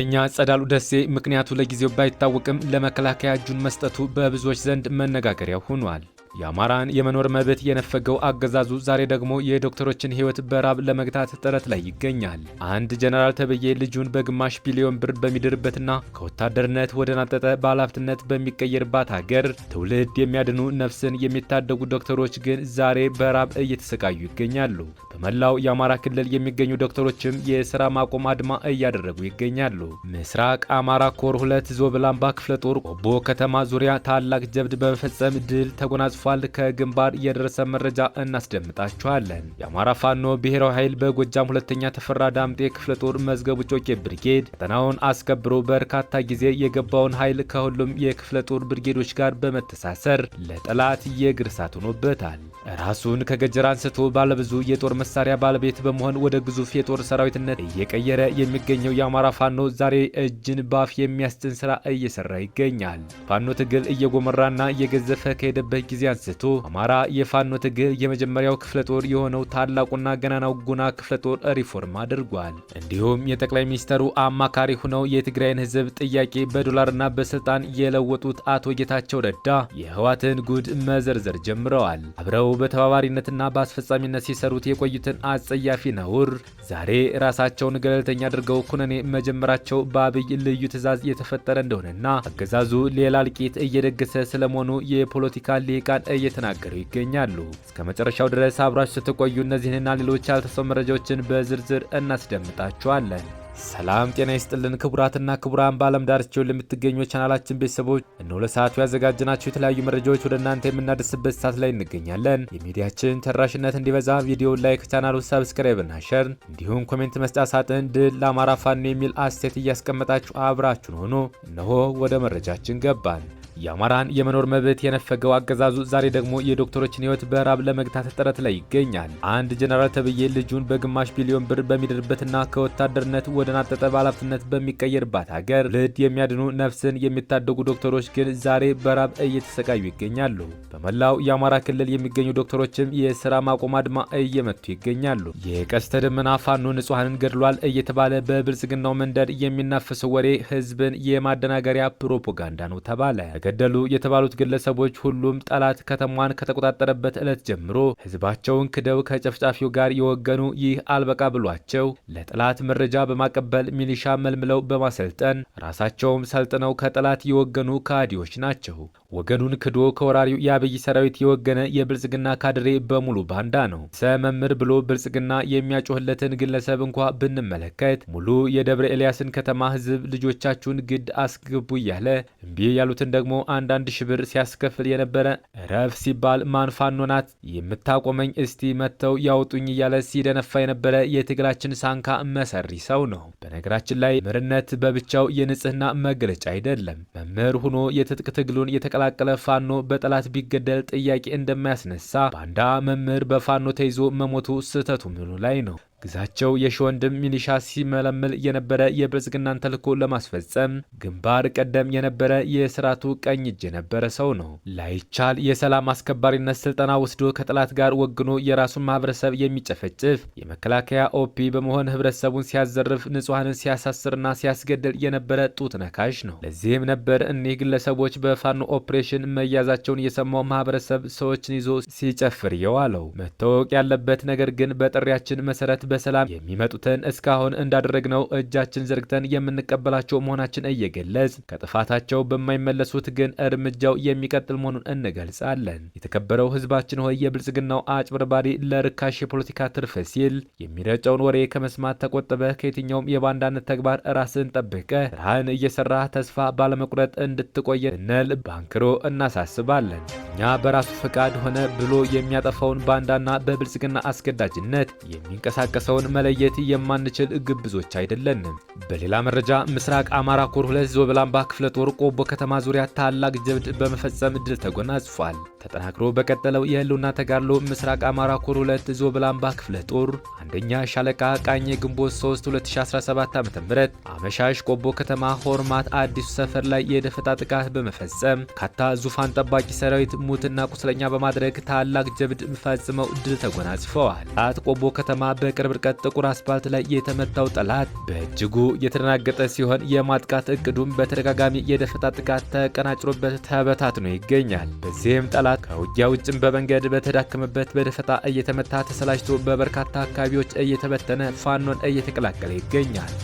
አርበኛ ጸዳሉ ደሴ ምክንያቱ ለጊዜው ባይታወቅም ለመከላከያ እጁን መስጠቱ በብዙዎች ዘንድ መነጋገሪያው ሆኗል። የአማራን የመኖር መብት የነፈገው አገዛዙ ዛሬ ደግሞ የዶክተሮችን ሕይወት በራብ ለመግታት ጥረት ላይ ይገኛል። አንድ ጀነራል ተብዬ ልጁን በግማሽ ቢሊዮን ብር በሚድርበትና ከወታደርነት ወደ ናጠጠ ባለሀብትነት በሚቀየርባት ሀገር ትውልድ የሚያድኑ ነፍስን የሚታደጉ ዶክተሮች ግን ዛሬ በራብ እየተሰቃዩ ይገኛሉ። በመላው የአማራ ክልል የሚገኙ ዶክተሮችም የስራ ማቆም አድማ እያደረጉ ይገኛሉ። ምስራቅ አማራ ኮር ሁለት ዞብላምባ ክፍለ ጦር ቆቦ ከተማ ዙሪያ ታላቅ ጀብድ በመፈጸም ድል ተጎናጽፎ ተደግፏል። ከግንባር እየደረሰ መረጃ እናስደምጣችኋለን። የአማራ ፋኖ ብሔራዊ ኃይል በጎጃም ሁለተኛ ተፈራ ዳምጤ ክፍለ ጦር መዝገቡ ጮቄ ብርጌድ ቀጠናውን አስከብሮ በርካታ ጊዜ የገባውን ኃይል ከሁሉም የክፍለ ጦር ብርጌዶች ጋር በመተሳሰር ለጠላት የእግር እሳት ሆኖበታል። ራሱን ከገጀራ አንስቶ ባለብዙ የጦር መሳሪያ ባለቤት በመሆን ወደ ግዙፍ የጦር ሰራዊትነት እየቀየረ የሚገኘው የአማራ ፋኖ ዛሬ እጅን ባፍ የሚያስጭን ስራ እየሰራ ይገኛል። ፋኖ ትግል እየጎመራና እየገዘፈ ከሄደበት ጊዜ አንስቶ አማራ የፋኖ ትግል የመጀመሪያው ክፍለ ጦር የሆነው ታላቁና ገናናው ጉና ክፍለ ጦር ሪፎርም አድርጓል። እንዲሁም የጠቅላይ ሚኒስተሩ አማካሪ ሆነው የትግራይን ህዝብ ጥያቄ በዶላርና በስልጣን የለወጡት አቶ ጌታቸው ረዳ የህዋትን ጉድ መዘርዘር ጀምረዋል። አብረው በተባባሪነትና በአስፈጻሚነት ሲሰሩት የቆዩትን አጸያፊ ነውር ዛሬ ራሳቸውን ገለልተኛ አድርገው ኩነኔ መጀመራቸው በአብይ ልዩ ትዕዛዝ የተፈጠረ እንደሆነና አገዛዙ ሌላ እልቂት እየደገሰ ስለመሆኑ የፖለቲካ ሊቃ ምሁራን እየተናገሩ ይገኛሉ። እስከ መጨረሻው ድረስ አብራችሁ ስትቆዩ እነዚህንና ሌሎች ያልተሰሙ መረጃዎችን በዝርዝር እናስደምጣችኋለን። ሰላም ጤና ይስጥልን ክቡራትና ክቡራን፣ በዓለም ዳርቻው ለምትገኙ ቻናላችን ቤተሰቦች እነሆ ለሰዓቱ ያዘጋጅናቸው የተለያዩ መረጃዎች ወደ እናንተ የምናደርስበት ሰዓት ላይ እንገኛለን። የሚዲያችን ተደራሽነት እንዲበዛ ቪዲዮ ላይክ፣ ቻናሉ ሰብስክራይብ እና ሸር እንዲሁም ኮሜንት መስጫ ሳጥን ድል ለአማራ ፋኖ የሚል አስተያየት እያስቀመጣችሁ አብራችሁን ሆኖ እነሆ ወደ መረጃችን ገባን። የአማራን የመኖር መብት የነፈገው አገዛዙ ዛሬ ደግሞ የዶክተሮችን ህይወት በራብ ለመግታት ጥረት ላይ ይገኛል። አንድ ጀነራል ተብዬ ልጁን በግማሽ ቢሊዮን ብር በሚድርበትና ከወታደርነት ወደ ናጠጠ ባለሀብትነት በሚቀየርባት ሀገር ልድ የሚያድኑ ነፍስን የሚታደጉ ዶክተሮች ግን ዛሬ በራብ እየተሰቃዩ ይገኛሉ። በመላው የአማራ ክልል የሚገኙ ዶክተሮችም የስራ ማቆም አድማ እየመቱ ይገኛሉ። የቀስተ ደመና ፋኖ ንጹሐንን ገድሏል እየተባለ በብልጽግናው መንደር የሚናፈሰው ወሬ ህዝብን የማደናገሪያ ፕሮፓጋንዳ ነው ተባለ። ተገደሉ የተባሉት ግለሰቦች ሁሉም ጠላት ከተማዋን ከተቆጣጠረበት ዕለት ጀምሮ ህዝባቸውን ክደው ከጨፍጫፊው ጋር የወገኑ ይህ አልበቃ ብሏቸው ለጠላት መረጃ በማቀበል ሚሊሻ መልምለው በማሰልጠን ራሳቸውም ሰልጥነው ከጠላት የወገኑ ከሃዲዎች ናቸው። ወገኑን ክዶ ከወራሪው የአብይ ሰራዊት የወገነ የብልጽግና ካድሬ በሙሉ ባንዳ ነው። ሰመምር ብሎ ብልጽግና የሚያጮህለትን ግለሰብ እንኳ ብንመለከት ሙሉ የደብረ ኤልያስን ከተማ ህዝብ ልጆቻችሁን ግድ አስገቡ እያለ እምቢ ያሉትን ደግሞ አንዳንድ ሺህ ብር ሲያስከፍል የነበረ ረፍ ሲባል ማንፋኖ ናት የምታቆመኝ እስቲ መጥተው ያውጡኝ እያለ ሲደነፋ የነበረ የትግላችን ሳንካ መሰሪ ሰው ነው። በነገራችን ላይ ምርነት በብቻው የንጽህና መገለጫ አይደለም። መምህር ሆኖ የትጥቅ ትግሉን የተቀ የተቀላቀለ ፋኖ በጠላት ቢገደል ጥያቄ እንደማያስነሳ ባንዳ መምህር በፋኖ ተይዞ መሞቱ ስህተቱ ምኑ ላይ ነው? ግዛቸው የሺወንድም ሚሊሻ ሲመለምል የነበረ የብልጽግናን ተልኮ ለማስፈጸም ግንባር ቀደም የነበረ የስርዓቱ ቀኝ እጅ የነበረ ሰው ነው። ላይቻል የሰላም አስከባሪነት ስልጠና ወስዶ ከጠላት ጋር ወግኖ የራሱን ማህበረሰብ የሚጨፈጭፍ የመከላከያ ኦፒ በመሆን ህብረተሰቡን ሲያዘርፍ፣ ንጹሐንን ሲያሳስርና ሲያስገድል የነበረ ጡት ነካሽ ነው። ለዚህም ነበር እኒህ ግለሰቦች በፋኖ ኦፕሬሽን መያዛቸውን የሰማው ማህበረሰብ ሰዎችን ይዞ ሲጨፍር የዋለው። መታወቅ ያለበት ነገር ግን በጥሪያችን መሰረት በሰላም የሚመጡትን እስካሁን እንዳደረግነው እጃችን ዘርግተን የምንቀበላቸው መሆናችን እየገለጽ ከጥፋታቸው በማይመለሱት ግን እርምጃው የሚቀጥል መሆኑን እንገልጻለን። የተከበረው ህዝባችን ሆይ የብልጽግናው አጭበርባሪ ለርካሽ የፖለቲካ ትርፍ ሲል የሚረጨውን ወሬ ከመስማት ተቆጥበ ከየትኛውም የባንዳነት ተግባር ራስን ጠብቀ ብርሃን እየሰራ ተስፋ ባለመቁረጥ እንድትቆየ እንል ባንክሮ እናሳስባለን። እኛ በራሱ ፈቃድ ሆነ ብሎ የሚያጠፋውን ባንዳና በብልጽግና አስገዳጅነት የሚንቀሳቀስ ሰውን መለየት የማንችል ግብዞች አይደለንም። በሌላ መረጃ ምስራቅ አማራ ኮር ሁለት ዞብላምባ ክፍለ ጦር ቆቦ ከተማ ዙሪያ ታላቅ ጀብድ በመፈጸም ድል ተጎናጽፏል። ተጠናክሮ በቀጠለው የህልውና ተጋድሎ ምስራቅ አማራ ኮር 2 ዞብላምባ ክፍለ ጦር አንደኛ ሻለቃ ቃኝ ግንቦት 3 2017 ዓ ም አመሻሽ ቆቦ ከተማ ሆርማት አዲሱ ሰፈር ላይ የደፈጣ ጥቃት በመፈጸም ካታ ዙፋን ጠባቂ ሰራዊት ሙትና ቁስለኛ በማድረግ ታላቅ ጀብድ ፈጽመው ድል ተጎናጽፈዋል። ጣት ቆቦ ከተማ በቅርብ ርቀት ጥቁር አስፓልት ላይ የተመታው ጠላት በእጅጉ የተደናገጠ ሲሆን የማጥቃት እቅዱም በተደጋጋሚ የደፈጣ ጥቃት ተቀናጭሮበት ተበታትኖ ይገኛል። በዚህም ጠላት በመጣላት ከውጊያ ውጭም በመንገድ በተዳከመበት በደፈጣ እየተመታ ተሰላጅቶ በበርካታ አካባቢዎች እየተበተነ ፋኖን እየተቀላቀለ ይገኛል።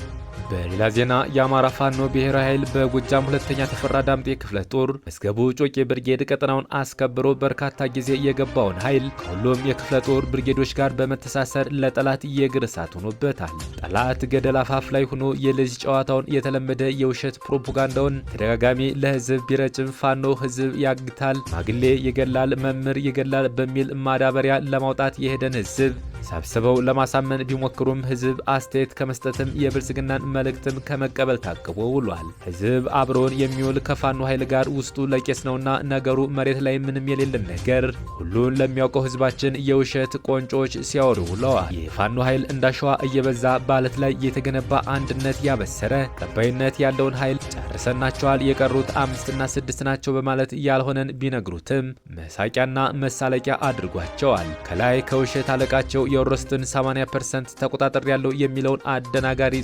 በሌላ ዜና የአማራ ፋኖ ብሔራዊ ኃይል በጎጃም ሁለተኛ ተፈራ ዳምጤ ክፍለ ጦር መስገቡ ጮቄ ብርጌድ ቀጠናውን አስከብሮ በርካታ ጊዜ የገባውን ኃይል ከሁሉም የክፍለ ጦር ብርጌዶች ጋር በመተሳሰር ለጠላት የእግር እሳት ሆኖበታል። ጠላት ገደል አፋፍ ላይ ሆኖ የልጅ ጨዋታውን የተለመደ የውሸት ፕሮፓጋንዳውን ተደጋጋሚ ለህዝብ ቢረጭም ፋኖ ህዝብ ያግታል፣ ማግሌ ይገላል፣ መምህር ይገላል በሚል ማዳበሪያ ለማውጣት የሄደን ህዝብ ሰብስበው ለማሳመን ቢሞክሩም ህዝብ አስተያየት ከመስጠትም የብልጽግናን መልእክትም ከመቀበል ታቅቦ ውሏል። ህዝብ አብሮን የሚውል ከፋኖ ኃይል ጋር ውስጡ ለቄስ ነውና ነገሩ መሬት ላይ ምንም የሌለን ነገር ሁሉን ለሚያውቀው ህዝባችን የውሸት ቆንጮች ሲያወሩ ውለዋል። የፋኖ ኃይል እንዳሸዋ እየበዛ በአለት ላይ የተገነባ አንድነት ያበሰረ ተቀባይነት ያለውን ኃይል ጨርሰናቸዋል፣ የቀሩት አምስትና ስድስት ናቸው በማለት ያልሆነን ቢነግሩትም መሳቂያና መሳለቂያ አድርጓቸዋል። ከላይ ከውሸት አለቃቸው የወረስትን 80 ፐርሰንት ተቆጣጠር ያለው የሚለውን አደናጋሪ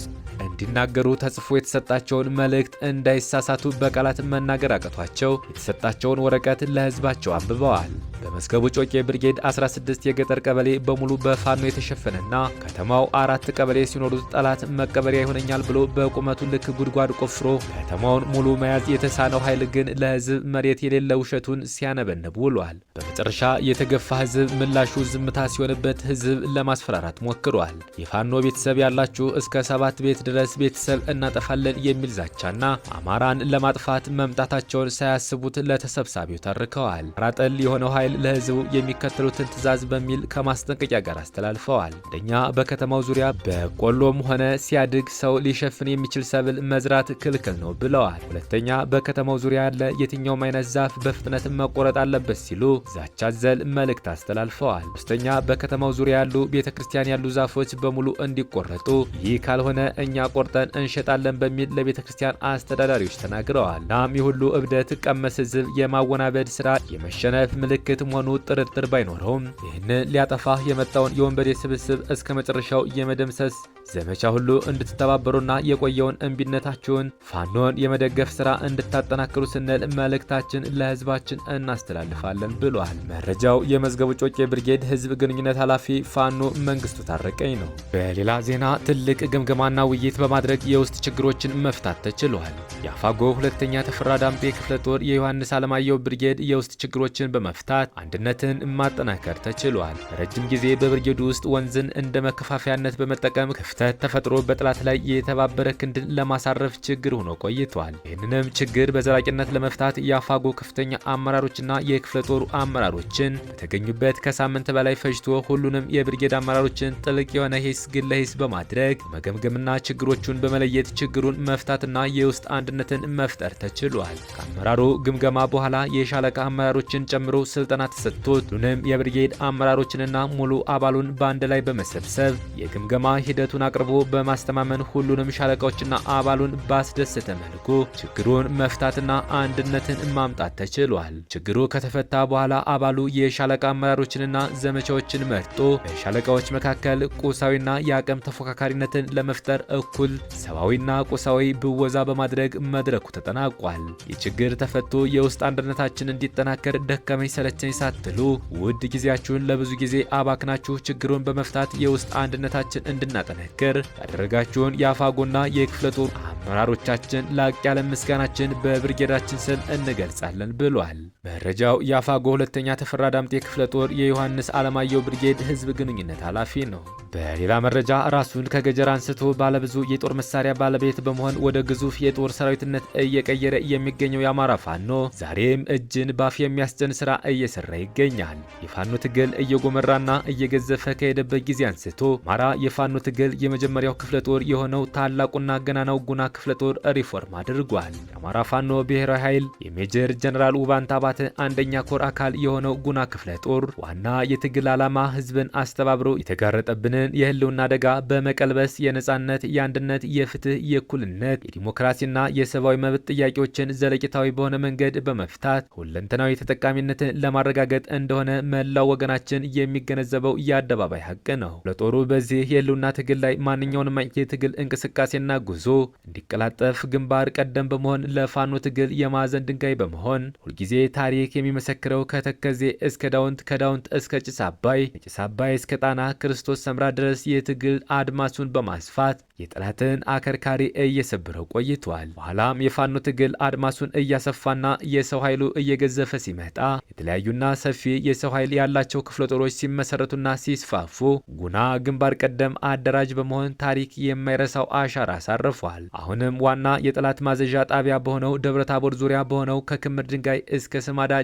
እንዲናገሩ ተጽፎ የተሰጣቸውን መልእክት እንዳይሳሳቱ በቃላት መናገር አቅቷቸው የተሰጣቸውን ወረቀት ለህዝባቸው አንብበዋል። በመስገቡ ጮቄ ብርጌድ 16 የገጠር ቀበሌ በሙሉ በፋኖ የተሸፈነና ከተማው አራት ቀበሌ ሲኖሩት ጠላት መቀበሪያ ይሆነኛል ብሎ በቁመቱ ልክ ጉድጓድ ቆፍሮ ከተማውን ሙሉ መያዝ የተሳነው ኃይል ግን ለህዝብ መሬት የሌለ ውሸቱን ሲያነበንብ ውሏል። በመጨረሻ የተገፋ ህዝብ ምላሹ ዝምታ ሲሆንበት ህዝብ ለማስፈራራት ሞክሯል። የፋኖ ቤተሰብ ያላችሁ እስከ ሰባት ቤት ድረስ የመለስ ቤተሰብ እናጠፋለን የሚል ዛቻና አማራን ለማጥፋት መምጣታቸውን ሳያስቡት ለተሰብሳቢው ተርከዋል። ራጠል የሆነው ኃይል ለህዝቡ የሚከተሉትን ትዕዛዝ በሚል ከማስጠንቀቂያ ጋር አስተላልፈዋል። አንደኛ፣ በከተማው ዙሪያ በቆሎም ሆነ ሲያድግ ሰው ሊሸፍን የሚችል ሰብል መዝራት ክልክል ነው ብለዋል። ሁለተኛ፣ በከተማው ዙሪያ ያለ የትኛውም አይነት ዛፍ በፍጥነት መቆረጥ አለበት ሲሉ ዛቻ ዘል መልእክት አስተላልፈዋል። ሶስተኛ፣ በከተማው ዙሪያ ያሉ ቤተ ክርስቲያን ያሉ ዛፎች በሙሉ እንዲቆረጡ፣ ይህ ካልሆነ እኛ ቆርጠን እንሸጣለን በሚል ለቤተ ክርስቲያን አስተዳዳሪዎች ተናግረዋል። ናም የሁሉ እብደት ቀመስ ህዝብ የማወናበድ ስራ የመሸነፍ ምልክት መሆኑ ጥርጥር ባይኖረውም ይህንን ሊያጠፋ የመጣውን የወንበዴ ስብስብ እስከ መጨረሻው የመደምሰስ ዘመቻ ሁሉ እንድትተባበሩና የቆየውን እምቢነታችሁን ፋኖን የመደገፍ ስራ እንድታጠናክሩ ስንል መልእክታችን ለህዝባችን እናስተላልፋለን ብሏል። መረጃው የመዝገቡ ጮቄ ብርጌድ ህዝብ ግንኙነት ኃላፊ ፋኖ መንግስቱ ታረቀኝ ነው። በሌላ ዜና ትልቅ ግምገማና ውይይት በማድረግ የውስጥ ችግሮችን መፍታት ተችሏል። የአፋጎ ሁለተኛ ተፈራ ዳምጤ ክፍለ ጦር የዮሐንስ አለማየሁ ብርጌድ የውስጥ ችግሮችን በመፍታት አንድነትን ማጠናከር ተችሏል። ረጅም ጊዜ በብርጌዱ ውስጥ ወንዝን እንደ መከፋፈያነት በመጠቀም ክፍተት ተፈጥሮ በጠላት ላይ የተባበረ ክንድን ለማሳረፍ ችግር ሆኖ ቆይቷል። ይህንንም ችግር በዘላቂነት ለመፍታት የአፋጎ ከፍተኛ አመራሮችና የክፍለ ጦሩ አመራሮችን በተገኙበት ከሳምንት በላይ ፈጅቶ ሁሉንም የብርጌድ አመራሮችን ጥልቅ የሆነ ሂስ ግለሂስ በማድረግ መገምገምና ችግሮ ችግሮቹን በመለየት ችግሩን መፍታትና የውስጥ አንድነትን መፍጠር ተችሏል። ከአመራሩ ግምገማ በኋላ የሻለቃ አመራሮችን ጨምሮ ስልጠና ተሰጥቶት ሁሉንም የብርጌድ አመራሮችንና ሙሉ አባሉን በአንድ ላይ በመሰብሰብ የግምገማ ሂደቱን አቅርቦ በማስተማመን ሁሉንም ሻለቃዎችና አባሉን ባስደሰተ መልኩ ችግሩን መፍታትና አንድነትን ማምጣት ተችሏል። ችግሩ ከተፈታ በኋላ አባሉ የሻለቃ አመራሮችንና ዘመቻዎችን መርጦ በሻለቃዎች መካከል ቁሳዊና የአቅም ተፎካካሪነትን ለመፍጠር እኩል በኩል ሰብአዊና ቁሳዊ ብወዛ በማድረግ መድረኩ ተጠናቋል። የችግር ተፈቶ የውስጥ አንድነታችን እንዲጠናከር ደከመኝ ሰለቸኝ ሳትሉ ውድ ጊዜያችሁን ለብዙ ጊዜ አባክናችሁ ችግሩን በመፍታት የውስጥ አንድነታችን እንድናጠነክር ያደረጋችሁን የአፋጎና የክፍለ ጦር አመራሮቻችን ላቅ ያለ ምስጋናችን በብርጌዳችን ስም እንገልጻለን ብሏል። መረጃው የአፋጎ ሁለተኛ ተፈራ ዳምጤ ክፍለ ጦር የዮሐንስ አለማየሁ ብርጌድ ህዝብ ግንኙነት ኃላፊ ነው። በሌላ መረጃ ራሱን ከገጀራ አንስቶ ባለብዙ የጦር መሳሪያ ባለቤት በመሆን ወደ ግዙፍ የጦር ሰራዊትነት እየቀየረ የሚገኘው የአማራ ፋኖ ዛሬም እጅን ባፍ የሚያስጨን ስራ እየሰራ ይገኛል። የፋኖ ትግል እየጎመራና እየገዘፈ ከሄደበት ጊዜ አንስቶ አማራ የፋኖ ትግል የመጀመሪያው ክፍለ ጦር የሆነው ታላቁና ገናናው ጉና ክፍለ ጦር ሪፎርም አድርጓል። የአማራ ፋኖ ብሔራዊ ኃይል የሜጀር ጀነራል ውባንታ ባተ አንደኛ ኮር አካል የሆነው ጉና ክፍለ ጦር ዋና የትግል ዓላማ ህዝብን አስተባብሮ የተጋረጠብንን የህልውና አደጋ በመቀልበስ የነጻነት፣ የአንድነት፣ የፍትህ፣ የእኩልነት፣ የዲሞክራሲና የሰብአዊ መብት ጥያቄዎችን ዘለቂታዊ በሆነ መንገድ በመፍታት ሁለንተናዊ ተጠቃሚነትን ለማረጋገጥ እንደሆነ መላው ወገናችን የሚገነዘበው የአደባባይ ሀቅ ነው። ለጦሩ በዚህ የህልውና ትግል ላይ ማንኛውንም የትግል እንቅስቃሴና ጉዞ እንዲ እንዲቀላጠፍ ግንባር ቀደም በመሆን ለፋኖ ትግል የማዕዘን ድንጋይ በመሆን ሁልጊዜ ታሪክ የሚመሰክረው ከተከዜ እስከ ዳውንት ከዳውንት እስከ ጭስ አባይ ከጭስ አባይ እስከ ጣና ክርስቶስ ሰምራ ድረስ የትግል አድማሱን በማስፋት የጠላትን አከርካሪ እየሰበረው ቆይቷል። በኋላም የፋኖ ትግል አድማሱን እያሰፋና የሰው ኃይሉ እየገዘፈ ሲመጣ የተለያዩና ሰፊ የሰው ኃይል ያላቸው ክፍለ ጦሮች ሲመሰረቱና ሲስፋፉ ጉና ግንባር ቀደም አደራጅ በመሆን ታሪክ የማይረሳው አሻራ አሳርፏል። አሁን አሁንም ዋና የጠላት ማዘዣ ጣቢያ በሆነው ደብረ ታቦር ዙሪያ በሆነው ከክምር ድንጋይ እስከ ስማዳ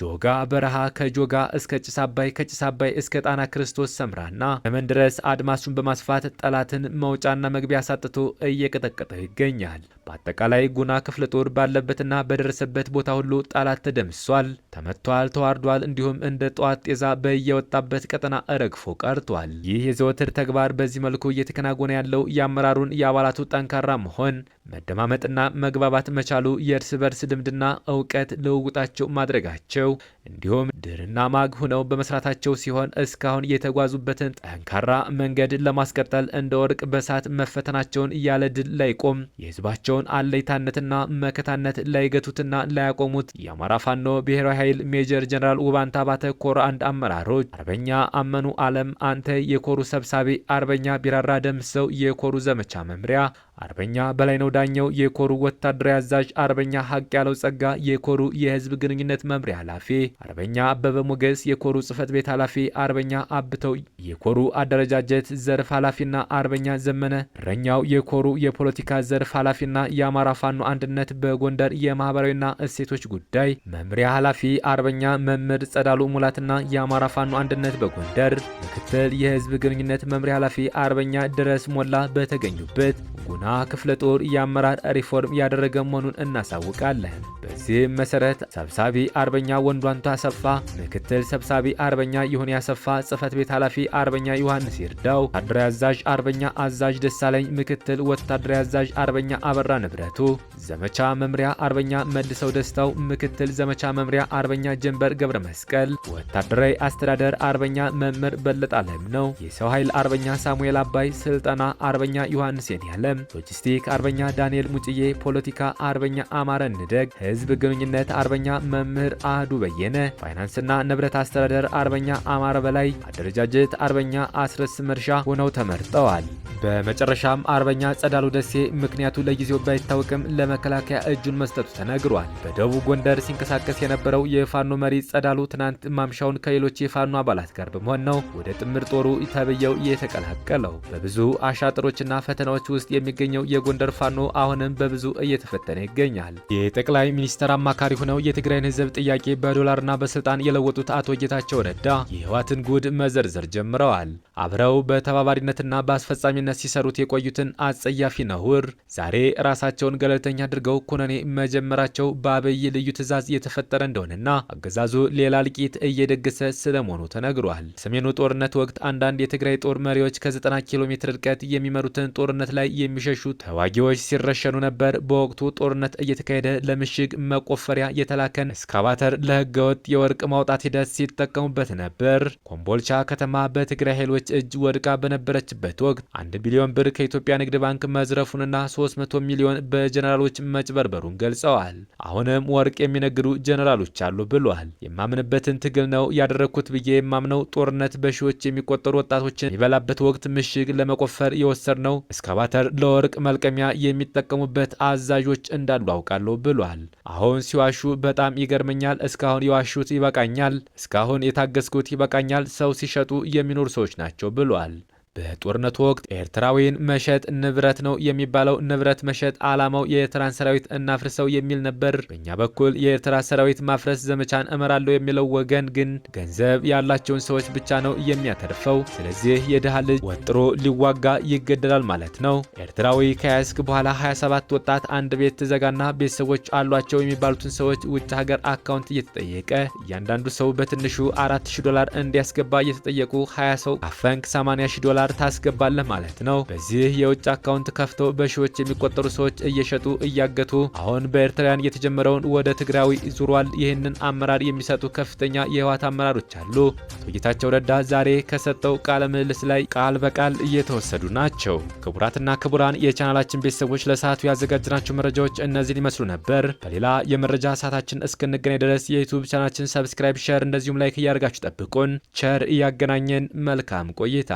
ጆጋ በረሃ ከጆጋ እስከ ጭስ አባይ ከጭስ አባይ እስከ ጣና ክርስቶስ ሰምራና ለመን ድረስ አድማሱን በማስፋት ጠላትን መውጫና መግቢያ አሳጥቶ እየቀጠቀጠ ይገኛል። በአጠቃላይ ጉና ክፍለ ጦር ባለበትና በደረሰበት ቦታ ሁሉ ጠላት ተደምሷል፣ ተመቷል፣ ተዋርዷል። እንዲሁም እንደ ጠዋት ጤዛ በየወጣበት ቀጠና ረግፎ ቀርቷል። ይህ የዘወትር ተግባር በዚህ መልኩ እየተከናወነ ያለው የአመራሩን የአባላቱ ጠንካራ መሆን መደማመጥና መግባባት መቻሉ የእርስ በርስ ልምድና እውቀት ልውውጣቸው ማድረጋቸው እንዲሁም ድርና ማግ ሆነው በመስራታቸው ሲሆን እስካሁን የተጓዙበትን ጠንካራ መንገድ ለማስቀጠል እንደ ወርቅ በሳት መፈተናቸውን እያለ ድል ላይቆም የህዝባቸውን አለይታነትና መከታነት ላይገቱትና ላያቆሙት የአማራ ፋኖ ብሔራዊ ኃይል ሜጀር ጀነራል ውባንታ ባተ ኮር አንድ አመራሮች አርበኛ አመኑ አለም አንተ የኮሩ ሰብሳቢ፣ አርበኛ ቢራራ ደምሰው የኮሩ ዘመቻ መምሪያ አርበኛ በላይ ነው ዳኘው የኮሩ ወታደራዊ አዛዥ፣ አርበኛ ሀቅ ያለው ጸጋ የኮሩ የህዝብ ግንኙነት መምሪያ ኃላፊ፣ አርበኛ አበበ ሞገስ የኮሩ ጽህፈት ቤት ኃላፊ፣ አርበኛ አብተው የኮሩ አደረጃጀት ዘርፍ ኃላፊና አርበኛ ዘመነ እረኛው የኮሩ የፖለቲካ ዘርፍ ኃላፊና የአማራ ፋኖ አንድነት በጎንደር የማህበራዊና እሴቶች ጉዳይ መምሪያ ኃላፊ አርበኛ መምህር ጸዳሉ ሙላትና የአማራ ፋኖ አንድነት በጎንደር ምክትል የህዝብ ግንኙነት መምሪያ ኃላፊ አርበኛ ድረስ ሞላ በተገኙበት ጉና እና ክፍለ ጦር የአመራር ሪፎርም ያደረገ መሆኑን እናሳውቃለን። በዚህም መሰረት ሰብሳቢ አርበኛ ወንዷንቱ አሰፋ፣ ምክትል ሰብሳቢ አርበኛ ይሁን ያሰፋ ጽህፈት ቤት ኃላፊ አርበኛ ዮሐንስ ይርዳው፣ ወታደራዊ አዛዥ አርበኛ አዛዥ ደሳለኝ፣ ምክትል ወታደራዊ አዛዥ አርበኛ አበራ ንብረቱ፣ ዘመቻ መምሪያ አርበኛ መልሰው ደስታው፣ ምክትል ዘመቻ መምሪያ አርበኛ ጀንበር ገብረ መስቀል፣ ወታደራዊ አስተዳደር አርበኛ መምህር በለጣለም ነው፣ የሰው ኃይል አርበኛ ሳሙኤል አባይ፣ ስልጠና አርበኛ ዮሐንስ የኔ ሎጂስቲክ አርበኛ ዳንኤል ሙጭዬ፣ ፖለቲካ አርበኛ አማረ ንደግ፣ ህዝብ ግንኙነት አርበኛ መምህር አህዱ በየነ፣ ፋይናንስና ንብረት አስተዳደር አርበኛ አማረ በላይ፣ አደረጃጀት አርበኛ አስረስ መርሻ ሆነው ተመርጠዋል። በመጨረሻም አርበኛ ጸዳሉ ደሴ ምክንያቱ ለጊዜው ባይታወቅም ለመከላከያ እጁን መስጠቱ ተነግሯል። በደቡብ ጎንደር ሲንቀሳቀስ የነበረው የፋኖ መሪ ጸዳሉ ትናንት ማምሻውን ከሌሎች የፋኖ አባላት ጋር በመሆን ነው ወደ ጥምር ጦሩ ተብየው የተቀላቀለው። በብዙ አሻጥሮችና ፈተናዎች ውስጥ የሚገኝ የሚገኘው የጎንደር ፋኖ አሁንም በብዙ እየተፈተነ ይገኛል። የጠቅላይ ሚኒስትር አማካሪ ሆነው የትግራይን ህዝብ ጥያቄ በዶላርና በስልጣን የለወጡት አቶ ጌታቸው ረዳ የህወሓትን ጉድ መዘርዘር ጀምረዋል። አብረው በተባባሪነትና በአስፈጻሚነት ሲሰሩት የቆዩትን አጸያፊ ነውር ዛሬ ራሳቸውን ገለልተኛ አድርገው ኩነኔ መጀመራቸው በአብይ ልዩ ትዕዛዝ የተፈጠረ እንደሆነና አገዛዙ ሌላ እልቂት እየደገሰ ስለመሆኑ ተነግሯል። ሰሜኑ ጦርነት ወቅት አንዳንድ የትግራይ ጦር መሪዎች ከ90 ኪሎ ሜትር ርቀት የሚመሩትን ጦርነት ላይ የሚሸ የሚሸሹ ተዋጊዎች ሲረሸኑ ነበር። በወቅቱ ጦርነት እየተካሄደ ለምሽግ መቆፈሪያ የተላከን ኤስካቫተር ለህገወጥ የወርቅ ማውጣት ሂደት ሲጠቀሙበት ነበር። ኮምቦልቻ ከተማ በትግራይ ኃይሎች እጅ ወድቃ በነበረችበት ወቅት አንድ ቢሊዮን ብር ከኢትዮጵያ ንግድ ባንክ መዝረፉንና 300 ሚሊዮን በጀነራሎች መጭበርበሩን ገልጸዋል። አሁንም ወርቅ የሚነግዱ ጀነራሎች አሉ ብሏል። የማምንበትን ትግል ነው ያደረግኩት ብዬ የማምነው ጦርነት በሺዎች የሚቆጠሩ ወጣቶችን የበላበት ወቅት ምሽግ ለመቆፈር የወሰድ ነው ኤስካቫተር ለወር ለወርቅ መልቀሚያ የሚጠቀሙበት አዛዦች እንዳሉ አውቃለሁ ብሏል። አሁን ሲዋሹ በጣም ይገርመኛል። እስካሁን የዋሹት ይበቃኛል፣ እስካሁን የታገስኩት ይበቃኛል። ሰው ሲሸጡ የሚኖሩ ሰዎች ናቸው ብሏል። በጦርነቱ ወቅት ኤርትራዊን መሸጥ ንብረት ነው የሚባለው። ንብረት መሸጥ ዓላማው የኤርትራን ሰራዊት እናፍርሰው የሚል ነበር። በእኛ በኩል የኤርትራ ሰራዊት ማፍረስ ዘመቻን እመራለሁ የሚለው ወገን ግን ገንዘብ ያላቸውን ሰዎች ብቻ ነው የሚያተርፈው። ስለዚህ የድሃ ልጅ ወጥሮ ሊዋጋ ይገደላል ማለት ነው። ኤርትራዊ ከያስክ በኋላ 27 ወጣት አንድ ቤት ትዘጋና ቤተሰቦች አሏቸው የሚባሉትን ሰዎች ውጭ ሀገር አካውንት እየተጠየቀ እያንዳንዱ ሰው በትንሹ 4000 ዶላር እንዲያስገባ እየተጠየቁ 20 ሰው አፈንክ 80 ዶላር ዶላር ታስገባለህ ማለት ነው። በዚህ የውጭ አካውንት ከፍተው በሺዎች የሚቆጠሩ ሰዎች እየሸጡ እያገቱ አሁን በኤርትራውያን የተጀመረውን ወደ ትግራዊ ዙሯል። ይህንን አመራር የሚሰጡ ከፍተኛ የህወሓት አመራሮች አሉ። አቶ ጌታቸው ረዳ ዛሬ ከሰጠው ቃለ ምልልስ ላይ ቃል በቃል እየተወሰዱ ናቸው። ክቡራትና ክቡራን የቻናላችን ቤተሰቦች ለሰዓቱ ያዘጋጅናቸው መረጃዎች እነዚህን ይመስሉ ነበር። በሌላ የመረጃ ሰዓታችን እስክንገናኝ ድረስ የዩቱብ ቻናላችን ሰብስክራይብ፣ ሸር እንደዚሁም ላይክ እያደርጋችሁ ጠብቁን። ቸር እያገናኘን መልካም ቆይታ